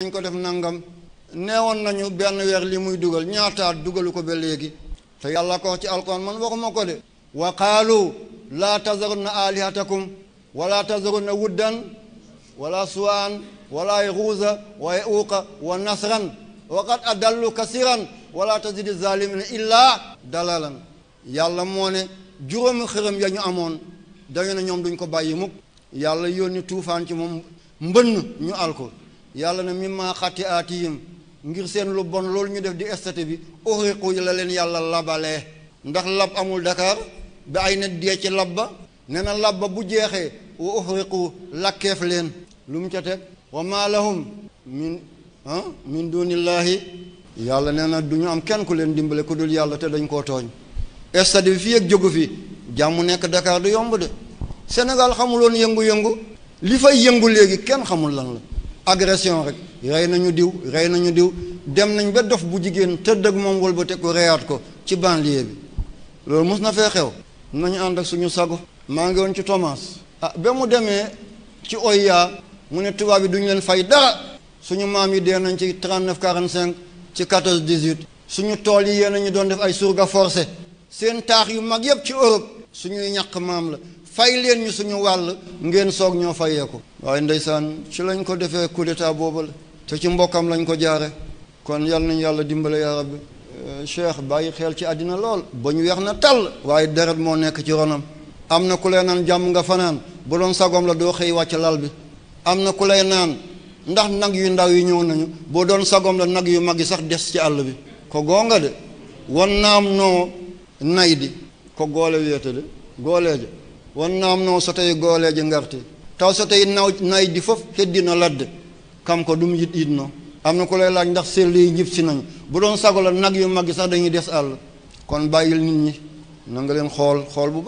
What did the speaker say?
dañ ko def nangam neewoon nañu benn weer li muy dugal ñaataat dugalu ko ba léegi te yàlla ko ci alquran man waxuma ko de wa qaalu laa tazarunna alihatakum wala na wuddan wala suwaan wala yaguuza wa yauuqa wa nasran wa qad adallu kasiran wala tazidi zalimina illa dalalan yàlla moo ne juróomi xërëm ya ñu amoon dañu ne ñoom duñ ko bàyyi mukk yàlla yónni tuufaan ci moom mbënn ñu alko yàlla na mimma xati aatihim ngir seen lu bon loolu ñu def di estate bi uxriqu la leen yàlla labalee ndax lab amul Dakar ba ay nit dee ci lab ba nee na lab ba bu jeexee wa uxriqu lakkeef leen lu mu ca teg wa maa min ah, min dunillaahi yàlla nee na du ñu am kenn ku leen dimbale ku dul yàlla te dañ koo tooñ stade bi fii ak jógu fi jàmm nekk dakaar du yomb de Sénégal xamuloon yëngu-yëngu li fay yëngu léegi kenn xamul lan la agression rek rey nañu diw rey nañu diw dem nañ ba dof bu jigéen tëdd ak moom wëlbate ko reyaat ko ci banlieue bi loolu mos na fee xew nañu ànd ak suñu sago maa ngi woon ci Thomas ah ba mu demee ci Oya mu ne tubaab yi duñu leen fay dara suñu maam yi dee nañ ci 39 45 ci 14 18 suñu tool yi yéen a ñu doon def ay surga forcé seen taax yu mag yëpp ci Europe suñuy ñàkk maam la fay leen ñu suñu wàll ngeen soog ñoo fayee ko waaye ndeysaan ci lañ ko defee coup d'état boobale te ci mbokkam lañ ko jaare kon yal nañu yàlla dimbale yaa rabbi euh, cheikh bàyyi xel ci àddina lool ba ñu weex na tàll waaye deret moo nekk ci ronam am na ku lay naan jàmm nga fanaan bu sagom la doo wàcc lal bi am na ku lay naan ndax nag yu ndaw yi ñëw nañu boo doon sagoom la nag yu mag yi sax des ci àll bi ko goonga de wan noo nay di ko goole wéete de goolee de wonnaam no sotoye gooleeje ngarti taw sotoye naw naydi fof heddino ladde kam ko ɗum yiɗ yiɗno am na ku lay laaj ndax selli yi jib si nañu bu doon sago la nag yu mag yi sax dañuy des àll kon bàyyil nit ñi na nga leen xool xool bu